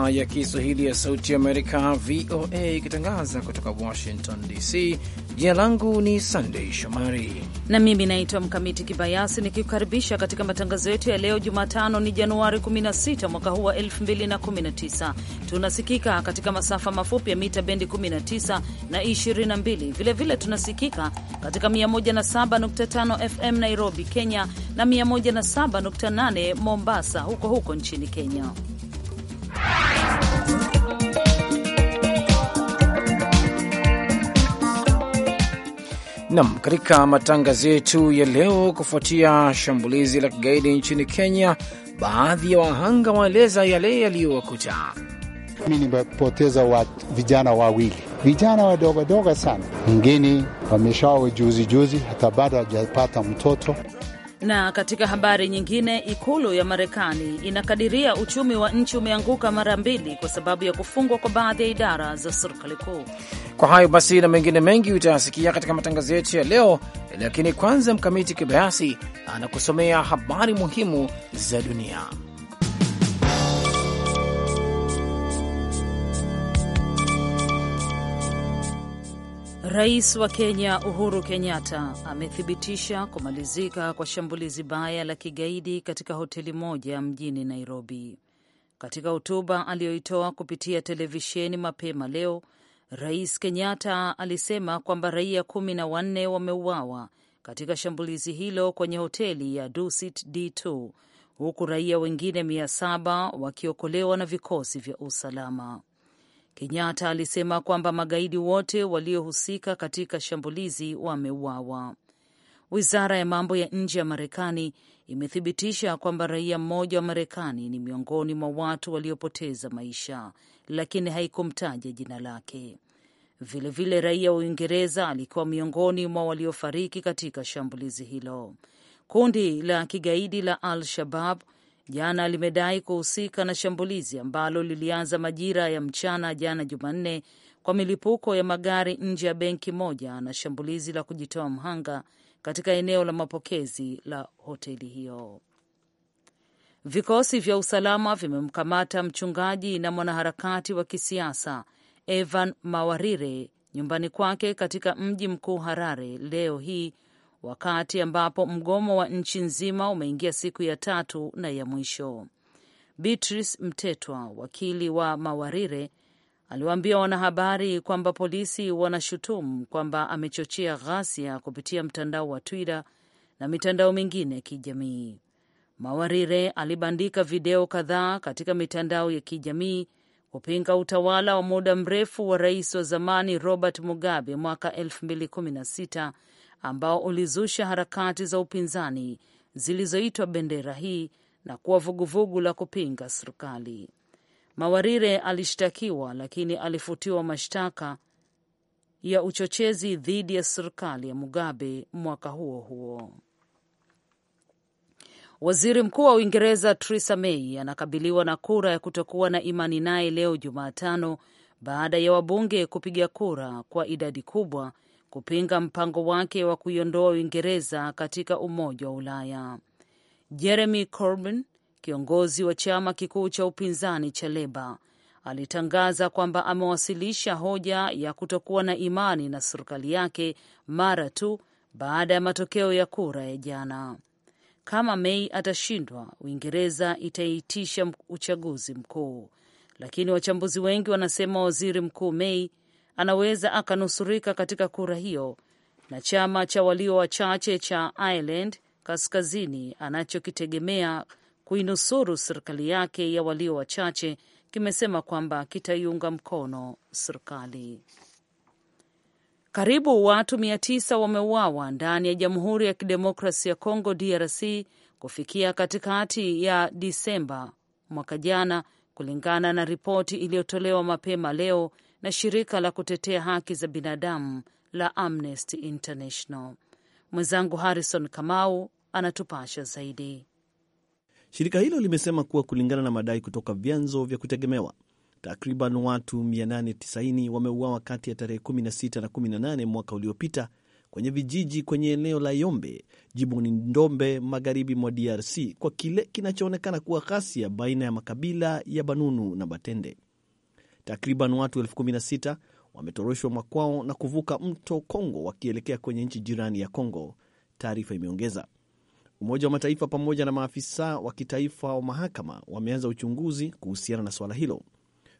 idhaa ya Kiswahili ya Sauti Amerika, VOA, ikitangaza kutoka Washington DC. Jina langu ni Sandei Shomari na mimi naitwa Mkamiti Kibayasi, nikiukaribisha katika matangazo yetu ya leo. Jumatano ni Januari 16 mwaka huu wa 2019. Tunasikika katika masafa mafupi ya mita bendi 19 na 22, vilevile vile tunasikika katika 107.5 FM Nairobi, Kenya na 107.8 Mombasa, huko huko nchini Kenya. Nam, katika matangazo yetu ya leo, kufuatia shambulizi la kigaidi nchini Kenya, baadhi ya wahanga waeleza yale yaliyowakuta. Mi nimepoteza wa vijana wawili, vijana wadogodogo sana, wengine wameshaoa juzi hata bado hajapata mtoto. Na katika habari nyingine, ikulu ya Marekani inakadiria uchumi wa nchi umeanguka mara mbili kwa sababu ya kufungwa kwa baadhi ya idara za serikali kuu. Kwa hayo basi na mengine mengi utayasikia katika matangazo yetu ya leo, lakini kwanza Mkamiti Kibayasi anakusomea habari muhimu za dunia. Rais wa Kenya Uhuru Kenyatta amethibitisha kumalizika kwa shambulizi baya la kigaidi katika hoteli moja mjini Nairobi. Katika hotuba aliyoitoa kupitia televisheni mapema leo, Rais Kenyatta alisema kwamba raia kumi na wanne wameuawa katika shambulizi hilo kwenye hoteli ya Dusit D2 huku raia wengine mia saba wakiokolewa na vikosi vya usalama. Kenyatta alisema kwamba magaidi wote waliohusika katika shambulizi wameuawa. Wizara ya mambo ya nje ya Marekani imethibitisha kwamba raia mmoja wa Marekani ni miongoni mwa watu waliopoteza maisha, lakini haikumtaja jina lake. Vilevile vile raia wa Uingereza alikuwa miongoni mwa waliofariki katika shambulizi hilo. Kundi la kigaidi la Al Shabab jana limedai kuhusika na shambulizi ambalo lilianza majira ya mchana jana Jumanne kwa milipuko ya magari nje ya benki moja na shambulizi la kujitoa mhanga katika eneo la mapokezi la hoteli hiyo. Vikosi vya usalama vimemkamata mchungaji na mwanaharakati wa kisiasa Evan Mawarire nyumbani kwake katika mji mkuu Harare leo hii wakati ambapo mgomo wa nchi nzima umeingia siku ya tatu na ya mwisho. Beatrice Mtetwa, wakili wa Mawarire, aliwaambia wanahabari kwamba polisi wanashutumu kwamba amechochea ghasia kupitia mtandao wa Twitter na mitandao mingine ya kijamii. Mawarire alibandika video kadhaa katika mitandao ya kijamii kupinga utawala wa muda mrefu wa rais wa zamani Robert Mugabe mwaka 2016 ambao ulizusha harakati za upinzani zilizoitwa bendera hii na kuwa vuguvugu la kupinga serikali. Mawarire alishtakiwa lakini alifutiwa mashtaka ya uchochezi dhidi ya serikali ya Mugabe mwaka huo huo. Waziri Mkuu wa Uingereza Theresa May anakabiliwa na kura ya kutokuwa na imani naye leo Jumatano baada ya wabunge kupiga kura kwa idadi kubwa kupinga mpango wake wa kuiondoa Uingereza katika Umoja wa Ulaya. Jeremy Corbyn, kiongozi wa chama kikuu cha upinzani cha Leba, alitangaza kwamba amewasilisha hoja ya kutokuwa na imani na serikali yake mara tu baada ya matokeo ya kura ya jana. Kama Mei atashindwa, Uingereza itaitisha uchaguzi mkuu, lakini wachambuzi wengi wanasema waziri mkuu Mei anaweza akanusurika katika kura hiyo, na chama cha walio wachache cha Ireland Kaskazini anachokitegemea kuinusuru serikali yake ya walio wachache kimesema kwamba kitaiunga mkono serikali. Karibu watu mia tisa wameuawa ndani ya Jamhuri ya Kidemokrasi ya congo DRC kufikia katikati ya Disemba mwaka jana, kulingana na ripoti iliyotolewa mapema leo na shirika la kutetea haki za binadamu la Amnesty International. Mwenzangu Harrison Kamau anatupasha zaidi. Shirika hilo limesema kuwa kulingana na madai kutoka vyanzo vya kutegemewa, takriban watu 890 wameuawa kati ya tarehe 16 na 18 mwaka uliopita kwenye vijiji kwenye eneo la Yombe jimboni Ndombe, magharibi mwa DRC, kwa kile kinachoonekana kuwa ghasia baina ya makabila ya Banunu na Batende. Takriban watu elfu kumi na sita wametoroshwa makwao na kuvuka mto Kongo wakielekea kwenye nchi jirani ya Kongo, taarifa imeongeza. Umoja wa Mataifa pamoja na maafisa wa kitaifa wa mahakama wameanza uchunguzi kuhusiana na swala hilo,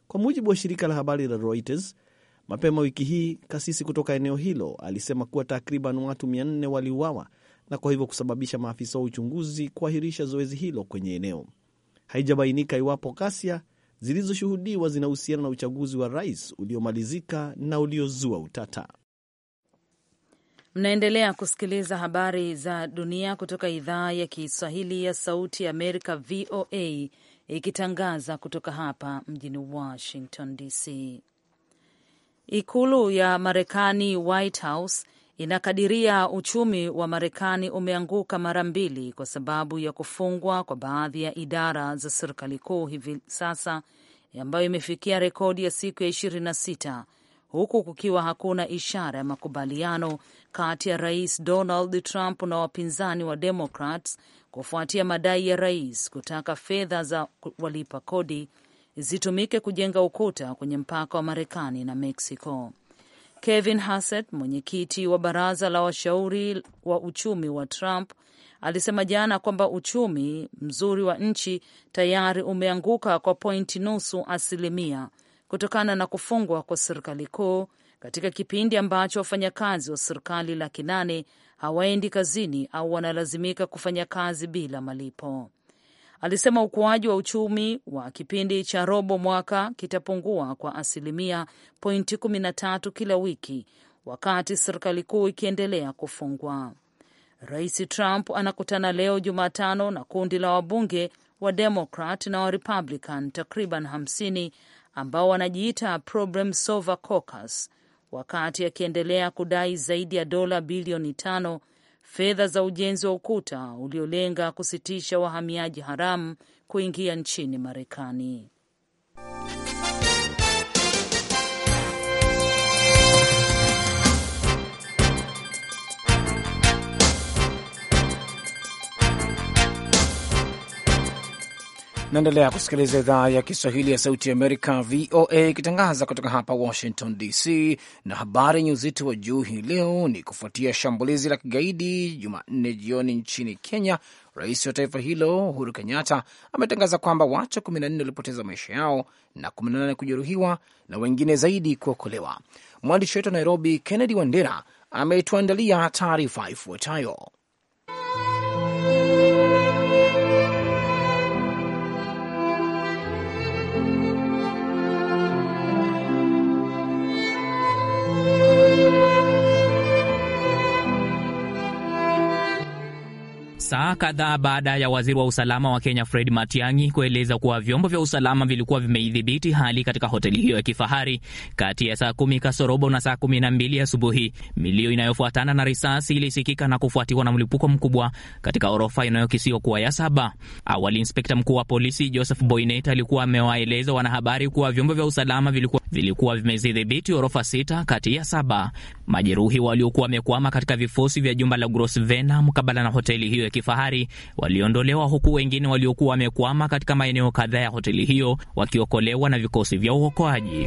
kwa mujibu wa shirika la habari la Reuters. Mapema wiki hii kasisi kutoka eneo hilo alisema kuwa takriban watu 400 waliuawa na kwa hivyo kusababisha maafisa wa uchunguzi kuahirisha zoezi hilo kwenye eneo. Haijabainika iwapo ghasia zilizoshuhudiwa zinahusiana na uchaguzi wa rais uliomalizika na uliozua utata. Mnaendelea kusikiliza habari za dunia kutoka idhaa ya Kiswahili ya Sauti ya Amerika, VOA, ikitangaza kutoka hapa mjini Washington DC. Ikulu ya Marekani, White House, inakadiria uchumi wa Marekani umeanguka mara mbili kwa sababu ya kufungwa kwa baadhi ya idara za serikali kuu hivi sasa, ambayo imefikia rekodi ya siku ya sita huku kukiwa hakuna ishara ya makubaliano kati ya Rais Donald Trump na wapinzani wa Democrats kufuatia madai ya rais kutaka fedha za walipa kodi zitumike kujenga ukuta kwenye mpaka wa Marekani na Mexico. Kevin Hassett, mwenyekiti wa baraza la washauri wa uchumi wa Trump, alisema jana kwamba uchumi mzuri wa nchi tayari umeanguka kwa pointi nusu asilimia kutokana na kufungwa kwa serikali kuu katika kipindi ambacho wafanyakazi wa serikali laki nane hawaendi kazini au wanalazimika kufanya kazi bila malipo. Alisema ukuaji wa uchumi wa kipindi cha robo mwaka kitapungua kwa asilimia pointi kumi na tatu kila wiki wakati serikali kuu ikiendelea kufungwa. Rais Trump anakutana leo Jumatano na kundi la wabunge wa Demokrat na wa Republican takriban 50 ambao wanajiita Problem Solver Caucus, wakati akiendelea kudai zaidi ya dola bilioni tano fedha za ujenzi wa ukuta uliolenga kusitisha wahamiaji haramu kuingia nchini Marekani. Naendelea kusikiliza idhaa ya Kiswahili ya Sauti ya Amerika, VOA, ikitangaza kutoka hapa Washington DC. Na habari yenye uzito wa juu hii leo ni kufuatia shambulizi la kigaidi Jumanne jioni nchini Kenya. Rais wa taifa hilo Uhuru Kenyatta ametangaza kwamba watu 14 walipoteza maisha yao na 18 kujeruhiwa na wengine zaidi kuokolewa. Mwandishi wetu wa Nairobi, Kennedy Wandera, ametuandalia taarifa ifuatayo. saa kadhaa baada ya waziri wa usalama wa Kenya Fred Matiang'i kueleza kuwa vyombo vya usalama vilikuwa vimeidhibiti hali katika hoteli hiyo ya kifahari kati ya saa kumi kasorobo na saa kumi na mbili asubuhi. Milio inayofuatana na risasi ilisikika na kufuatiwa na mlipuko mkubwa katika orofa inayokisiwa kuwa ya saba. Awali, inspekta mkuu wa polisi Joseph Boynet alikuwa amewaeleza wanahabari kuwa vyombo vya usalama vilikuwa, vilikuwa vimezidhibiti orofa sita kati ya saba. Majeruhi waliokuwa wamekwama katika vifosi vya jumba la Grosvenor mkabala na hoteli hiyo ya kifahari waliondolewa, huku wengine waliokuwa wamekwama katika maeneo kadhaa ya hoteli hiyo wakiokolewa na vikosi vya uokoaji.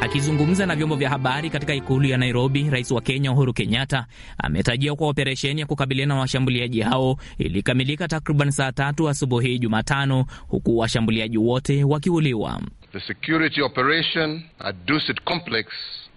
Akizungumza na vyombo vya habari katika ikulu ya Nairobi, rais wa Kenya Uhuru Kenyatta ametajia kuwa operesheni ya kukabiliana na washambuliaji hao ilikamilika takriban saa tatu asubuhi Jumatano, huku washambuliaji wote wakiuliwa. The security operation at Dusit complex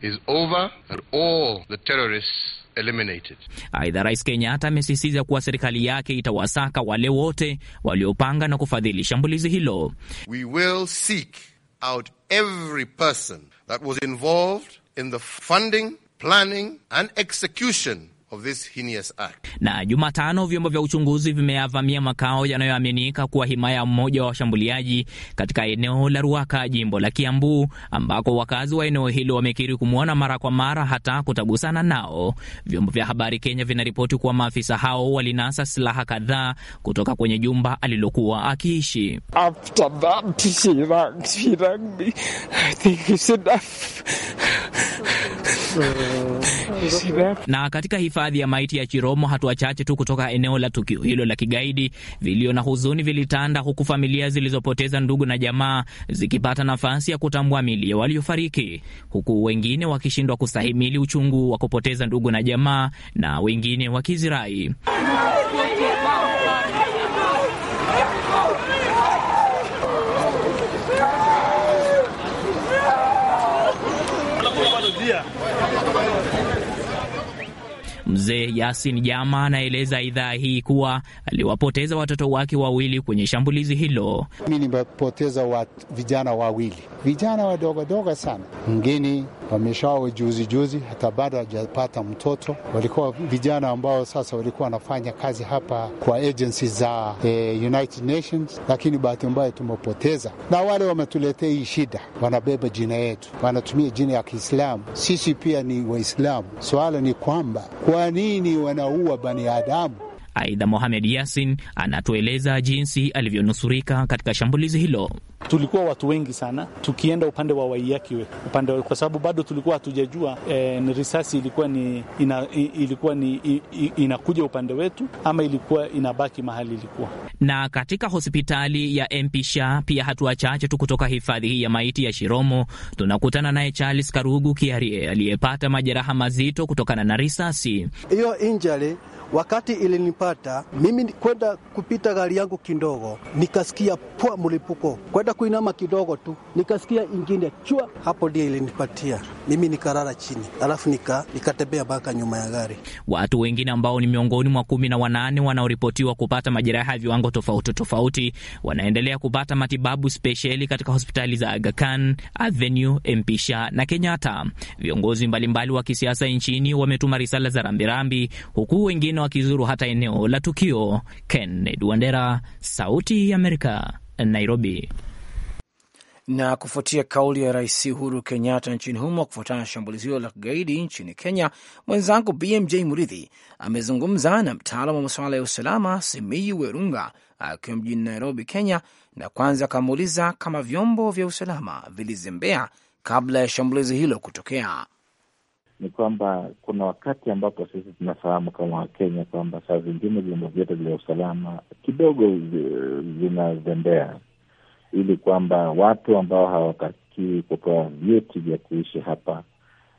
is over and all the terrorists eliminated. Aidha, Rais Kenyatta amesisitiza kuwa serikali yake itawasaka wale wote waliopanga na kufadhili shambulizi hilo. We will seek out every person that was involved in the funding, planning and execution Of this heinous act. Na Jumatano vyombo vya uchunguzi vimeyavamia makao yanayoaminika kuwa himaya mmoja wa washambuliaji katika eneo la Ruaka, jimbo la Kiambu, ambako wakazi wa eneo hilo wamekiri kumwona mara kwa mara hata kutagusana nao. Vyombo vya habari Kenya vinaripoti kuwa maafisa hao walinasa silaha kadhaa kutoka kwenye jumba alilokuwa akiishi. Uh, na katika hifadhi ya maiti ya Chiromo, hatua chache tu kutoka eneo la tukio hilo la kigaidi, vilio na huzuni vilitanda, huku familia zilizopoteza ndugu na jamaa zikipata nafasi ya kutambua mili ya waliofariki, huku wengine wakishindwa kustahimili uchungu wa kupoteza ndugu na jamaa na wengine wakizirai Mzee Yasin Jama anaeleza idhaa hii kuwa aliwapoteza watoto wake wawili kwenye shambulizi hilo. Mi nimepoteza vijana wawili, vijana wadogodogo sana, wengine wameshawa juzi juzi, hata bado hajapata mtoto. Walikuwa vijana ambao sasa walikuwa wanafanya kazi hapa kwa agency za eh, United Nations, lakini bahati mbaya tumepoteza, na wale wametuletea hii shida, wanabeba jina yetu, wanatumia jina ya Kiislamu. Sisi pia ni Waislamu. Swala ni kwamba kwa nini wanaua Adamu. Aidha, Mohamed Yasin anatueleza jinsi alivyonusurika katika shambulizi hilo tulikuwa watu wengi sana, tukienda upande wa Waiyakiwe upande wa, kwa sababu bado tulikuwa hatujajua e, ni risasi ilikuwa ni ina, ilikuwa ni inakuja upande wetu ama ilikuwa inabaki mahali ilikuwa. Na katika hospitali ya Mpisha pia, hatua chache tu kutoka hifadhi hii ya maiti ya Shiromo, tunakutana naye Charles Karugu Kiarie aliyepata majeraha mazito kutokana na risasi hiyo injali Wakati ilinipata mimi kwenda kupita gari yangu kidogo, nikasikia pua mlipuko. Kwenda kuinama kidogo tu, nikasikia ingine chwa, hapo ndio ilinipatia mimi, nikarara chini, alafu nikatembea nika mpaka nyuma ya gari. Watu wengine ambao ni miongoni mwa kumi na wanane wanaoripotiwa kupata majeraha ya viwango tofauti tofauti wanaendelea kupata matibabu spesheli katika hospitali za Aga Khan, Avenue, Mpisha na Kenyatta. Viongozi mbalimbali wa kisiasa nchini wametuma risala za rambirambi, huku wengine wakizuru hata eneo la tukio. Kennedy Wandera, Sauti ya Amerika, Nairobi. Na kufuatia kauli ya Rais Uhuru Kenyatta nchini humo kufuatana na shambulizi hilo la kigaidi nchini Kenya, mwenzangu BMJ Muridhi amezungumza na mtaalam wa masuala ya usalama Simiyu Werunga akiwa mjini Nairobi, Kenya, na kwanza akamuuliza kama vyombo vya usalama vilizembea kabla ya shambulizi hilo kutokea. Ni kwamba kuna wakati ambapo sisi tunafahamu kama Wakenya kwamba saa zingine vyombo vyote vya usalama kidogo vinazembea ili kwamba watu ambao hawatakii kupewa vyeti vya kuishi hapa,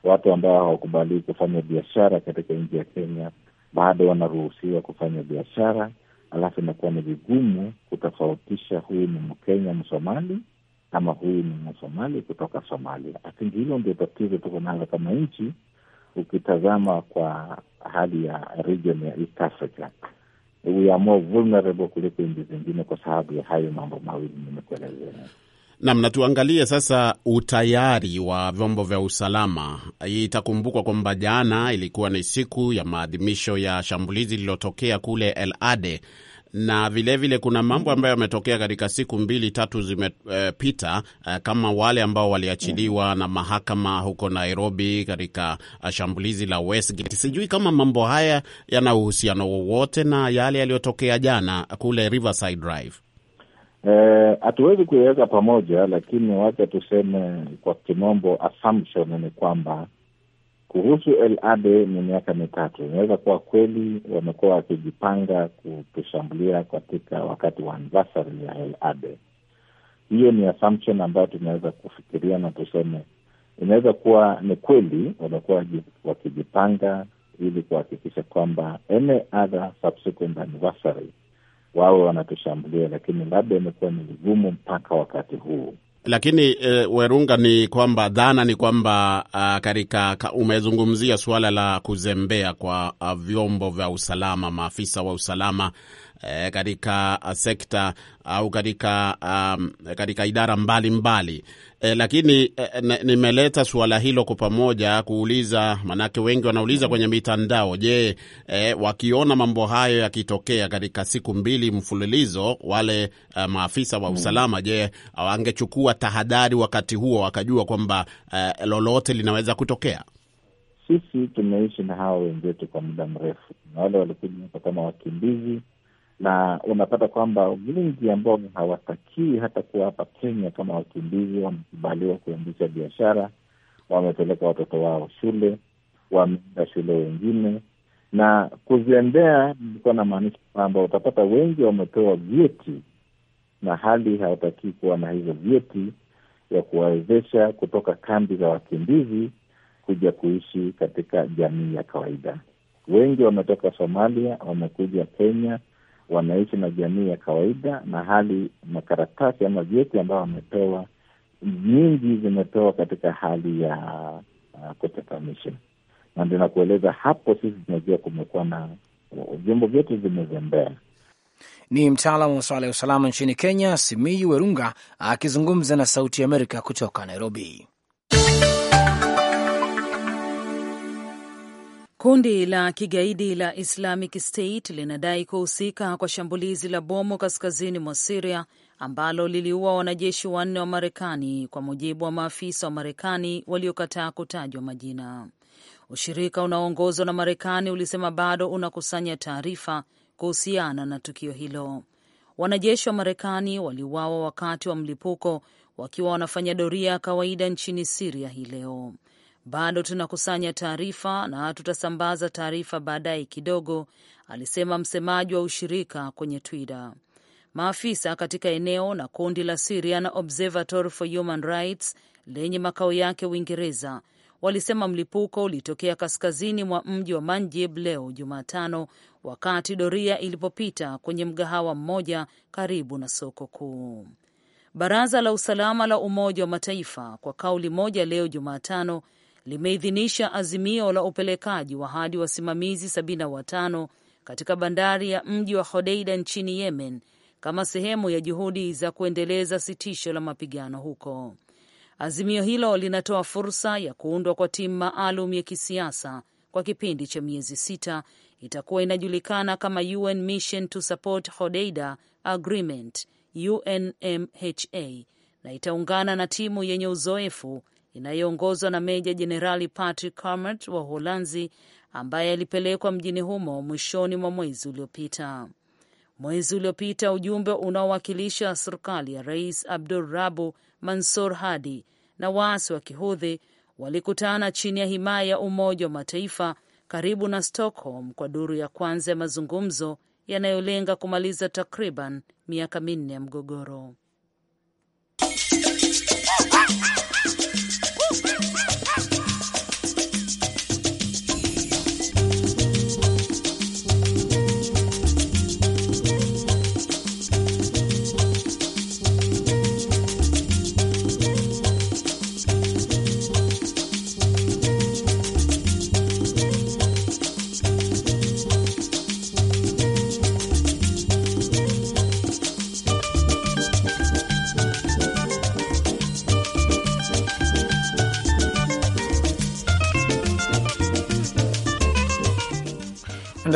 watu ambao hawakubalii kufanya biashara katika nchi ya Kenya bado wanaruhusiwa kufanya biashara. Alafu inakuwa ni vigumu kutofautisha huyu ni Mkenya Msomali ama huyu ni Msomali kutoka Somalia. Lakini hilo ndio tatizo tuko nalo kama nchi, ukitazama kwa hali ya region ya East Africa we are more vulnerable kuliko nchi zingine kwa sababu ya hayo mambo mawili nimekuelezea. Nam, na tuangalie sasa utayari wa vyombo vya usalama. Itakumbukwa kwamba jana ilikuwa ni siku ya maadhimisho ya shambulizi lililotokea kule El Ade na vilevile vile kuna mambo ambayo yametokea katika siku mbili tatu zimepita, uh, uh, kama wale ambao waliachiliwa na mahakama huko Nairobi katika uh, shambulizi la Westgate. Sijui kama mambo haya yana uhusiano wowote na yale yaliyotokea jana kule Riverside Drive. Eh, hatuwezi eh, kuiweka pamoja, lakini wacha tuseme kwa kimombo assumption ni kwamba kuhusu lab ni miaka mitatu, inaweza kuwa kweli wamekuwa wakijipanga kutushambulia katika wakati wa anniversary ya lab Hiyo ni assumption ambayo tunaweza kufikiria na tuseme inaweza kuwa ni kweli wamekuwa wakijipanga ili kuhakikisha kwamba any other subsequent anniversary wawe wanatushambulia, lakini labda imekuwa ni vigumu mpaka wakati huu. Lakini uh, Werunga, ni kwamba dhana ni kwamba uh, katika umezungumzia suala la kuzembea kwa uh, vyombo vya usalama, maafisa wa usalama eh, katika uh, sekta au katika um, katika idara mbalimbali mbali. Eh, lakini eh, nimeleta suala hilo kwa pamoja kuuliza, manake wengi wanauliza kwenye mitandao, je, eh, wakiona mambo hayo yakitokea katika siku mbili mfululizo wale e, maafisa wa hmm. usalama, je, wangechukua tahadhari wakati huo wakajua kwamba e, lolote linaweza kutokea? Sisi tumeishi na hawa wenzetu kwa muda mrefu, na wale walikuja kama wakimbizi na unapata kwamba wengi ambao hawatakii hata kuwa hapa Kenya kama wakimbizi wamekubaliwa kuendesha biashara, wamepeleka watoto wao shule, wameenda shule wengine. Na kuziendea nilikuwa namaanisha kwamba utapata wengi wamepewa vyeti na hali hawatakii kuwa na hizo vyeti ya kuwawezesha kutoka kambi za wakimbizi kuja kuishi katika jamii ya kawaida. Wengi wametoka Somalia, wamekuja Kenya wanaishi na jamii ya kawaida, na hali makaratasi ama vyeti ambayo wamepewa nyingi zimepewa katika hali ya uh, kutatanisha, na ndio nakueleza hapo, sisi tunajua kumekuwa na uh, vyombo vyetu vimezembea. Ni mtaalamu wa masuala ya usalama nchini Kenya, Simiyu Werunga akizungumza na Sauti ya Amerika kutoka Nairobi. Kundi la kigaidi la Islamic State linadai kuhusika kwa shambulizi la bomu kaskazini mwa Siria ambalo liliua wanajeshi wanne wa Marekani, kwa mujibu wa maafisa wa Marekani waliokataa kutajwa majina. Ushirika unaoongozwa na Marekani ulisema bado unakusanya taarifa kuhusiana na tukio hilo. Wanajeshi wa Marekani waliuawa wakati wa mlipuko wakiwa wanafanya doria ya kawaida nchini Siria hii leo. Bado tunakusanya taarifa na tutasambaza taarifa baadaye kidogo, alisema msemaji wa ushirika kwenye Twitter. Maafisa katika eneo na kundi la Syrian Observatory for Human Rights lenye makao yake Uingereza walisema mlipuko ulitokea kaskazini mwa mji wa Manjib leo Jumatano, wakati doria ilipopita kwenye mgahawa mmoja karibu na soko kuu. Baraza la usalama la Umoja wa Mataifa kwa kauli moja leo Jumatano limeidhinisha azimio la upelekaji wa hadi wasimamizi 75 katika bandari ya mji wa Hodeida nchini Yemen kama sehemu ya juhudi za kuendeleza sitisho la mapigano huko. Azimio hilo linatoa fursa ya kuundwa kwa timu maalum ya kisiasa kwa kipindi cha miezi sita, itakuwa inajulikana kama UN Mission to Support Hodeida Agreement, UNMHA, na itaungana na timu yenye uzoefu inayoongozwa na Meja Jenerali Patrick Cammaert wa Uholanzi, ambaye alipelekwa mjini humo mwishoni mwa mwezi uliopita. Mwezi uliopita ujumbe unaowakilisha serikali ya Rais Rabu Mansur Hadi na waasi wa Kihudhi walikutana chini ya himaya ya Umoja wa Mataifa karibu na Stockholm kwa duru ya kwanza ya mazungumzo yanayolenga kumaliza takriban miaka minne ya mgogoro.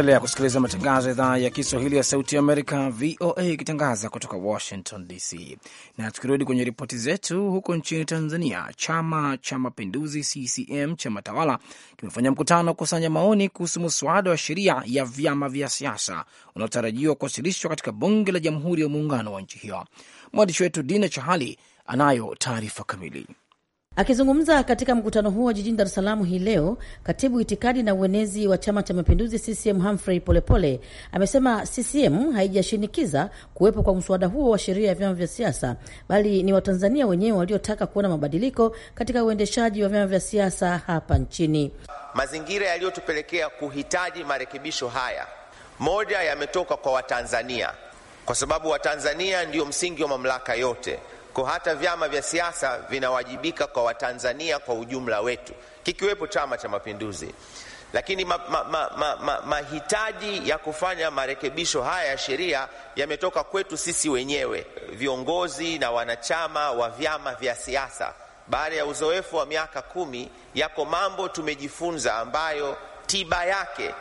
Unaendelea kusikiliza matangazo ya idhaa ya Kiswahili ya Sauti Amerika, VOA, ikitangaza kutoka Washington DC. Na tukirudi kwenye ripoti zetu, huko nchini Tanzania, Chama cha Mapinduzi CCM chama tawala kimefanya mkutano wa kukusanya maoni kuhusu muswada wa sheria ya vyama vya siasa unaotarajiwa kuwasilishwa katika Bunge la Jamhuri ya Muungano wa nchi hiyo. Mwandishi wetu Dina Chahali anayo taarifa kamili. Akizungumza katika mkutano huo jijini Dar es Salaam hii leo, katibu itikadi na uenezi wa Chama cha Mapinduzi CCM Humphrey Polepole amesema CCM haijashinikiza kuwepo kwa mswada huo wa sheria ya vyama vya siasa, bali ni Watanzania wenyewe waliotaka kuona mabadiliko katika uendeshaji wa vyama vya siasa hapa nchini. Mazingira yaliyotupelekea kuhitaji marekebisho haya, moja, yametoka kwa Watanzania kwa sababu Watanzania ndio msingi wa mamlaka yote kwa hata vyama vya siasa vinawajibika kwa Watanzania kwa ujumla wetu, kikiwepo Chama cha Mapinduzi. Lakini mahitaji ma, ma, ma, ma, ya kufanya marekebisho haya ya sheria yametoka kwetu sisi wenyewe viongozi na wanachama wa vyama vya siasa. Baada ya uzoefu wa miaka kumi, yako mambo tumejifunza ambayo tiba yake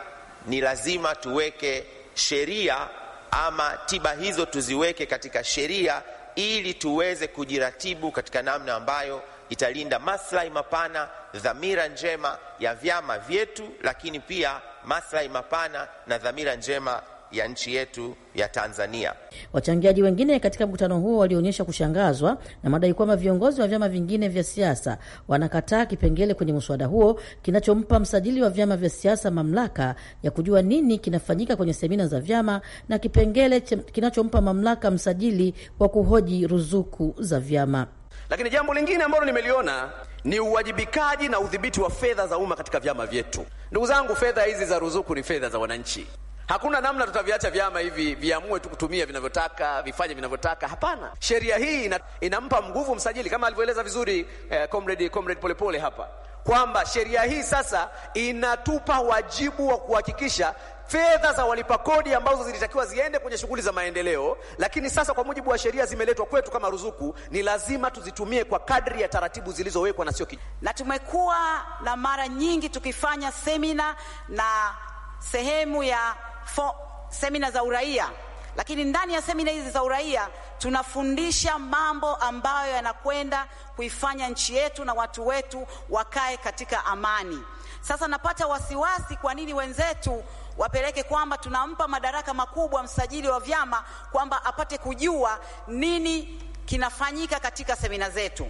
ni lazima tuweke sheria ama tiba hizo tuziweke katika sheria ili tuweze kujiratibu katika namna ambayo italinda maslahi mapana, dhamira njema ya vyama vyetu, lakini pia maslahi mapana na dhamira njema ya nchi yetu ya Tanzania. Wachangiaji wengine katika mkutano huo walionyesha kushangazwa na madai kwamba viongozi wa vyama vingine vya siasa wanakataa kipengele kwenye mswada huo kinachompa msajili wa vyama vya siasa mamlaka ya kujua nini kinafanyika kwenye semina za vyama na kipengele kinachompa mamlaka msajili wa kuhoji ruzuku za vyama. Lakini jambo lingine ambalo nimeliona ni uwajibikaji na udhibiti wa fedha za umma katika vyama vyetu. Ndugu zangu, fedha hizi za ruzuku ni fedha za wananchi. Hakuna namna tutaviacha vyama hivi viamue tu kutumia vinavyotaka vifanye vinavyotaka. Hapana, sheria hii ina, inampa nguvu msajili kama alivyoeleza vizuri eh, comrade comrade Polepole hapa kwamba sheria hii sasa inatupa wajibu wa kuhakikisha fedha za walipa kodi ambazo zilitakiwa ziende kwenye shughuli za maendeleo, lakini sasa kwa mujibu wa sheria zimeletwa kwetu kama ruzuku, ni lazima tuzitumie kwa kadri ya taratibu zilizowekwa na sio na. Tumekuwa na mara nyingi tukifanya semina na sehemu ya for, semina za uraia, lakini ndani ya semina hizi za uraia tunafundisha mambo ambayo yanakwenda kuifanya nchi yetu na watu wetu wakae katika amani. Sasa napata wasiwasi, kwa nini wenzetu wapeleke kwamba tunampa madaraka makubwa msajili wa vyama kwamba apate kujua nini kinafanyika katika semina zetu.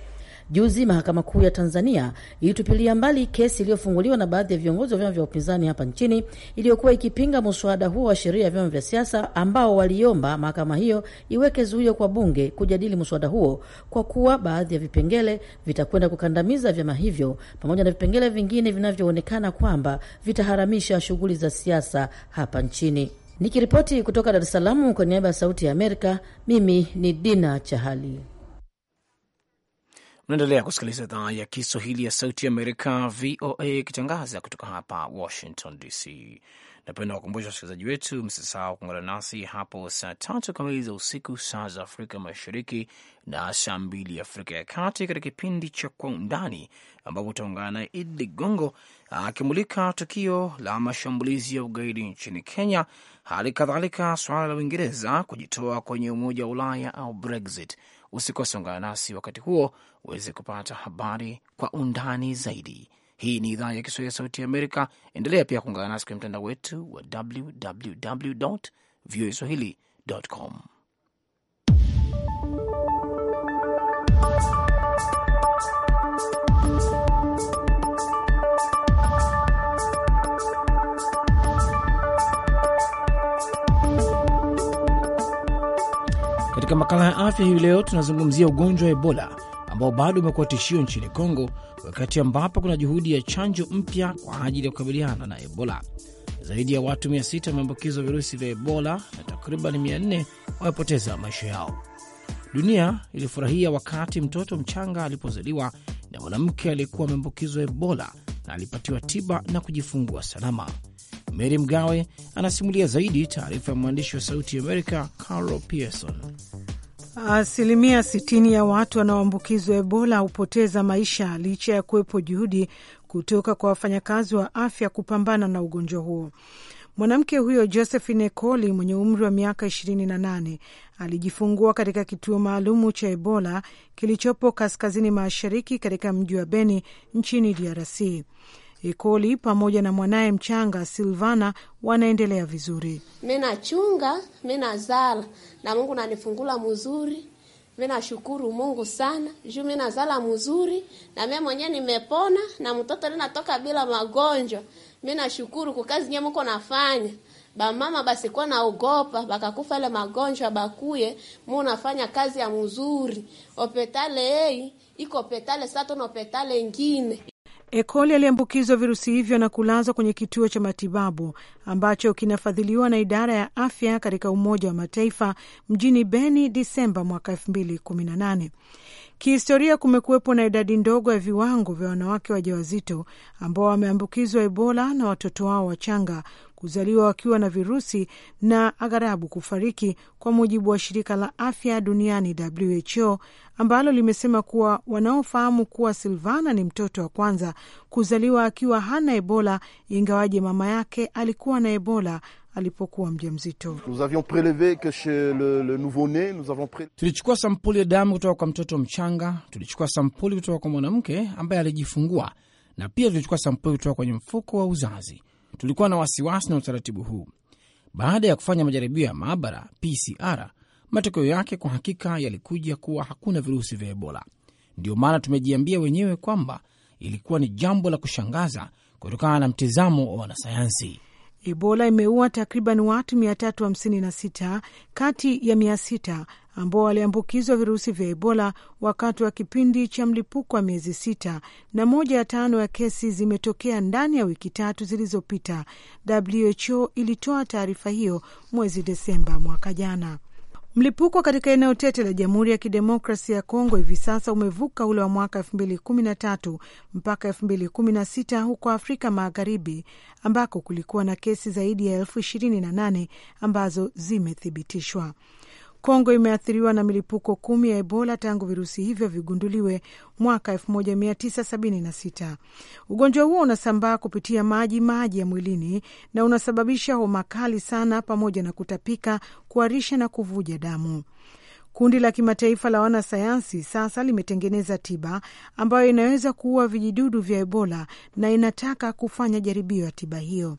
Juzi mahakama kuu ya Tanzania ilitupilia mbali kesi iliyofunguliwa na baadhi ya viongozi wa vyama vya upinzani hapa nchini iliyokuwa ikipinga muswada huo wa sheria ya vyama vya siasa, ambao waliomba mahakama hiyo iweke zuio kwa bunge kujadili muswada huo kwa kuwa baadhi ya vipengele vitakwenda kukandamiza vyama hivyo pamoja na vipengele vingine vinavyoonekana kwamba vitaharamisha shughuli za siasa hapa nchini. Nikiripoti kutoka Dar es Salaam kwa niaba ya Sauti ya Amerika, mimi ni Dina Chahali. Unaendelea kusikiliza idhaa ya Kiswahili ya Sauti Amerika, VOA, ikitangaza kutoka hapa Washington DC. Napenda kukumbusha wasikilizaji wetu, msisahau kuungana nasi hapo saa tatu kamili za usiku, saa za Afrika Mashariki, na saa mbili Afrika ya Kati, katika kipindi cha Kwa Undani, ambapo utaungana na Idi Ligongo akimulika tukio la mashambulizi ya ugaidi nchini Kenya, hali kadhalika suala la Uingereza kujitoa kwenye Umoja wa Ulaya au Brexit Usikose ungana nasi wakati huo uweze kupata habari kwa undani zaidi. Hii ni idhaa ya Kiswahili ya Sauti ya Amerika. Endelea pia kuungana nasi kwenye mtandao wetu wa www voa com. Katika makala ya afya hii leo, tunazungumzia ugonjwa wa Ebola ambao bado umekuwa tishio nchini Kongo, wakati ambapo kuna juhudi ya chanjo mpya kwa ajili ya kukabiliana na Ebola. Zaidi ya watu 600 wameambukizwa virusi vya Ebola na takriban 400 wamepoteza maisha yao. Dunia ilifurahia wakati mtoto mchanga alipozaliwa na mwanamke aliyekuwa ameambukizwa Ebola na alipatiwa tiba na kujifungua salama. Mary Mgawe anasimulia zaidi, taarifa ya mwandishi wa Sauti ya Amerika Carol Pearson. Asilimia 60 ya watu wanaoambukizwa Ebola hupoteza maisha licha ya kuwepo juhudi kutoka kwa wafanyakazi wa afya kupambana na ugonjwa huo. Mwanamke huyo Josephine Coli mwenye umri wa miaka 28 alijifungua katika kituo maalumu cha Ebola kilichopo kaskazini mashariki katika mji wa Beni nchini DRC. Ikoli pamoja na mwanaye mchanga Silvana wanaendelea vizuri. Mi nachunga mi nazala na Mungu nanifungula muzuri Mi nashukuru Mungu sana juu mi nazala mzuri na mi mwenye nimepona na mtoto ninatoka bila magonjwa. Mi nashukuru kukazi nye muko nafanya bamama basikuwa naogopa bakakufa ile magonjwa bakuye mu nafanya kazi ya mzuri. Opetale ei iko opetale satona opetale ngine Ekoli aliambukizwa virusi hivyo na kulazwa kwenye kituo cha matibabu ambacho kinafadhiliwa na idara ya afya katika Umoja wa Mataifa mjini Beni Disemba mwaka 218 Kihistoria kumekuwepo na idadi ndogo ya viwango vya wanawake wajawazito ambao wameambukizwa Ebola na watoto wao wachanga kuzaliwa wakiwa na virusi na agharabu kufariki, kwa mujibu wa shirika la afya duniani WHO ambalo limesema kuwa wanaofahamu kuwa Silvana ni mtoto wa kwanza kuzaliwa akiwa hana Ebola, ingawaje mama yake alikuwa na Ebola alipokuwa mjamzito. Tulichukua sampuli ya damu kutoka kwa mtoto mchanga, tulichukua sampuli kutoka kwa mwanamke ambaye alijifungua, na pia tulichukua sampuli kutoka kwenye mfuko wa uzazi. Tulikuwa na wasiwasi na utaratibu huu. Baada ya kufanya majaribio ya maabara PCR, matokeo yake kwa hakika yalikuja kuwa hakuna virusi vya Ebola. Ndiyo maana tumejiambia wenyewe kwamba ilikuwa ni jambo la kushangaza kutokana na mtizamo wa wanasayansi. Ebola imeua takriban watu 356 kati ya 600 ambao waliambukizwa virusi vya Ebola wakati wa kipindi cha mlipuko wa miezi sita, na moja ya tano ya kesi zimetokea ndani ya wiki tatu zilizopita. WHO ilitoa taarifa hiyo mwezi Desemba mwaka jana. Mlipuko katika eneo tete la Jamhuri ya Kidemokrasia ya Kongo hivi sasa umevuka ule wa mwaka elfu mbili kumi na tatu mpaka elfu mbili kumi na sita huko Afrika Magharibi, ambako kulikuwa na kesi zaidi ya elfu ishirini na nane ambazo zimethibitishwa. Kongo imeathiriwa na milipuko kumi ya Ebola tangu virusi hivyo vigunduliwe mwaka 1976. Ugonjwa huo unasambaa kupitia maji maji ya mwilini na unasababisha homa kali sana, pamoja na kutapika, kuharisha na kuvuja damu. Kundi la kimataifa la wanasayansi sasa limetengeneza tiba ambayo inaweza kuua vijidudu vya Ebola na inataka kufanya jaribio ya tiba hiyo.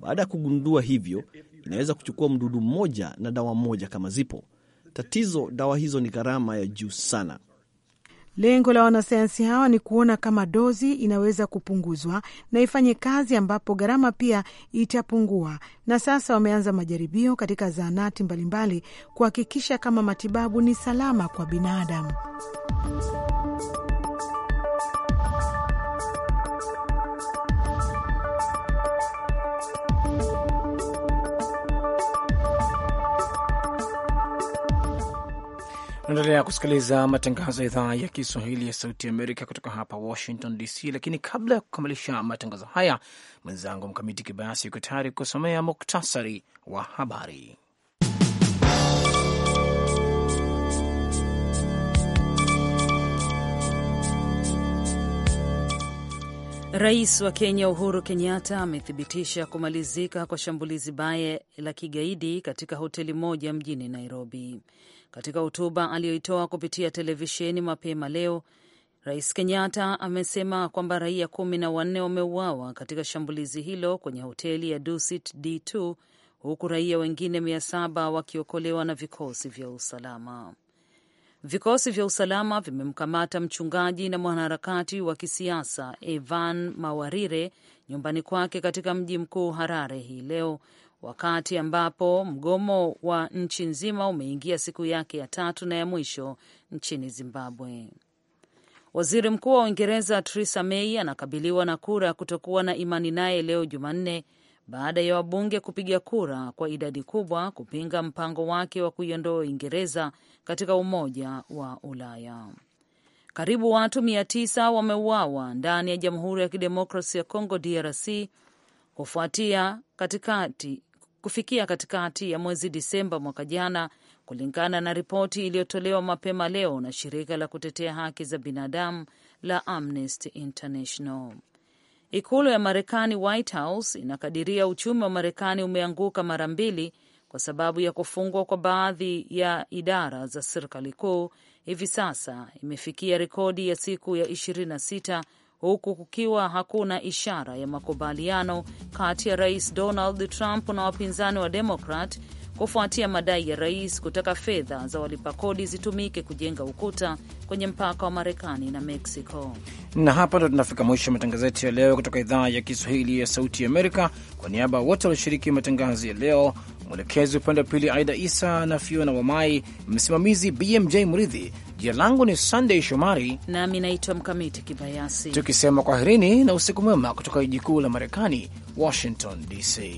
Baada ya kugundua hivyo, inaweza kuchukua mdudu mmoja na dawa moja kama zipo. Tatizo dawa hizo ni gharama ya juu sana. Lengo la wanasayansi hawa ni kuona kama dozi inaweza kupunguzwa na ifanye kazi, ambapo gharama pia itapungua. Na sasa wameanza majaribio katika zahanati mbalimbali kuhakikisha kama matibabu ni salama kwa binadamu. unaendelea kusikiliza matangazo ya idhaa ya Kiswahili ya Sauti Amerika kutoka hapa Washington DC. Lakini kabla ya kukamilisha matangazo haya, mwenzangu Mkamiti Kibayasi yuko tayari kusomea muktasari wa habari. Rais wa Kenya Uhuru Kenyatta amethibitisha kumalizika kwa shambulizi baya la kigaidi katika hoteli moja mjini Nairobi. Katika hotuba aliyoitoa kupitia televisheni mapema leo, Rais Kenyatta amesema kwamba raia kumi na wanne wameuawa katika shambulizi hilo kwenye hoteli ya Dusit D2 huku raia wengine mia saba wakiokolewa na vikosi vya usalama. Vikosi vya usalama vimemkamata mchungaji na mwanaharakati wa kisiasa Evan Mawarire nyumbani kwake katika mji mkuu Harare hii leo wakati ambapo mgomo wa nchi nzima umeingia siku yake ya tatu na ya mwisho nchini Zimbabwe. Waziri Mkuu wa Uingereza Theresa May anakabiliwa na kura ya kutokuwa na imani naye leo Jumanne baada ya wabunge kupiga kura kwa idadi kubwa kupinga mpango wake wa kuiondoa Uingereza katika Umoja wa Ulaya. Karibu watu mia tisa wameuawa ndani ya Jamhuri ya Kidemokrasi ya congo DRC kufuatia katikati kufikia katikati ya mwezi Disemba mwaka jana, kulingana na ripoti iliyotolewa mapema leo na shirika la kutetea haki za binadamu la Amnesty International. Ikulu ya Marekani, White House, inakadiria uchumi wa Marekani umeanguka mara mbili kwa sababu ya kufungwa kwa baadhi ya idara za serikali kuu. Hivi sasa imefikia rekodi ya siku ya 26 huku kukiwa hakuna ishara ya makubaliano kati ya Rais Donald Trump na wapinzani wa Demokrat kufuatia madai ya rais kutaka fedha za walipa kodi zitumike kujenga ukuta kwenye mpaka wa Marekani na Mexico. Na hapa ndo tunafika mwisho matangazo yetu ya leo kutoka idhaa ya Kiswahili ya Sauti ya Amerika. Kwa niaba ya wote walioshiriki matangazo ya leo, mwelekezi upande wa pili Aida Isa na Fiona Wamai, msimamizi BMJ Mridhi. Jina langu ni Sunday Shomari nami naitwa Mkamiti Kibayasi, tukisema kwaherini na usiku mwema kutoka jiji kuu la Marekani, Washington DC.